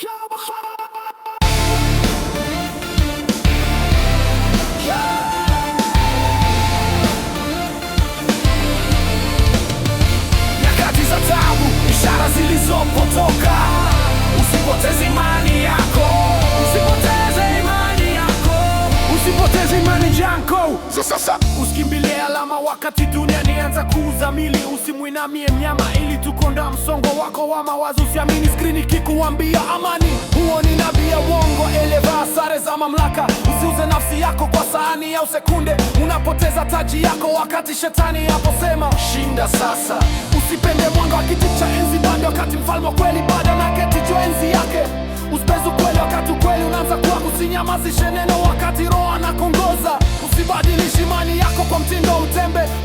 Nyakati za tabu, ishara zilizopotoka, usipoteze imani yako, usipoteze usikimbilie salama wakati dunia nianza kuuza mili. Usimwinamie mnyama ili tukonda msongo wako wa mawazo. Usiamini skrini kikuambia amani, huo ni nabii ya uongo. Elevaa sare za mamlaka, usiuze nafsi yako kwa sahani au sekunde. Unapoteza taji yako wakati shetani aposema shinda sasa. Usipende mwanga wa kiti cha enzi bado, wakati mfalme kweli bado na keti juu enzi yake. Usipeze ukweli wakati ukweli unaanza kuwa, usinyamazishe neno wakati roho anakongoza. Usibadili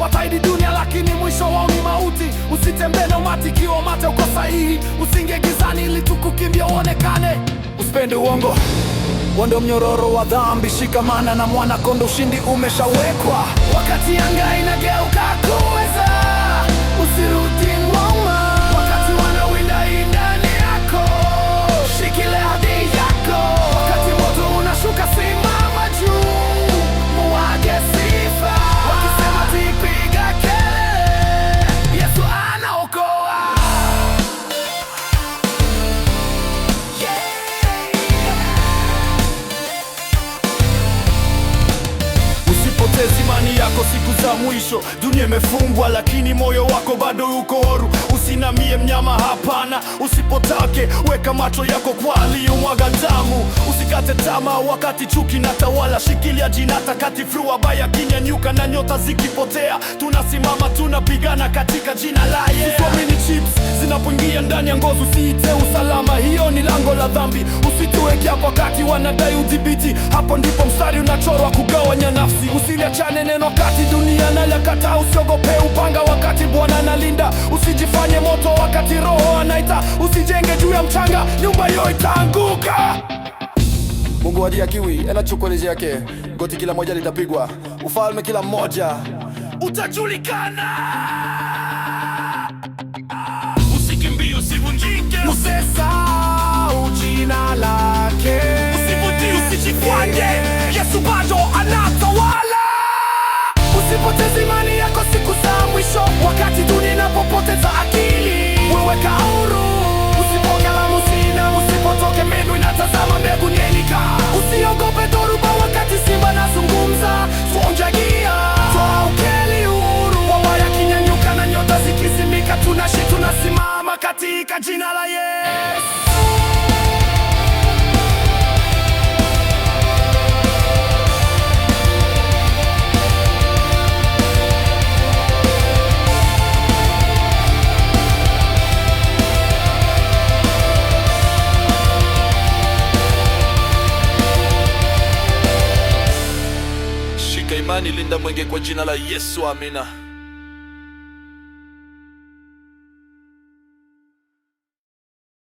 wataidi dunia, lakini mwisho wao ni mauti. Usitembee na umati kiwa mate uko sahihi, usinge gizani ili tukukimbia uonekane. Usipende uongo, wando mnyororo wa dhambi. Shikamana na mwana kondo, ushindi umeshawekwa. Wakati anga inageuka kuweza, usirudi siku za mwisho, dunia imefungwa, lakini moyo wako bado uko horu. Usinamie mnyama, hapana. Usipotake weka macho yako kwa aliyomwaga damu. Usikate tamaa wakati chuki na tawala, shikilia jina takatifu, wabaya kinyanyuka na nyota zikipotea, tunasimama tunapigana katika jina la yeah ndani ya ngozi usiite usalama, hiyo ni lango la dhambi. Usituweke hapo kati, wanadai udhibiti, hapo ndipo mstari unachorwa kugawanya nafsi. Usiliachane neno kati, dunia nalakataa. Usiogope upanga wakati Bwana analinda. Usijifanye moto wakati Roho anaita. Usijenge juu ya mchanga, nyumba hiyo itaanguka. Mungu wadia kiwi enachukua lizi yake, goti kila moja litapigwa, ufalme kila mmoja utajulikana. Você sabe. katika jina la Yesu. Shika imani, linda mwenge kwa jina la Yesu. Amina.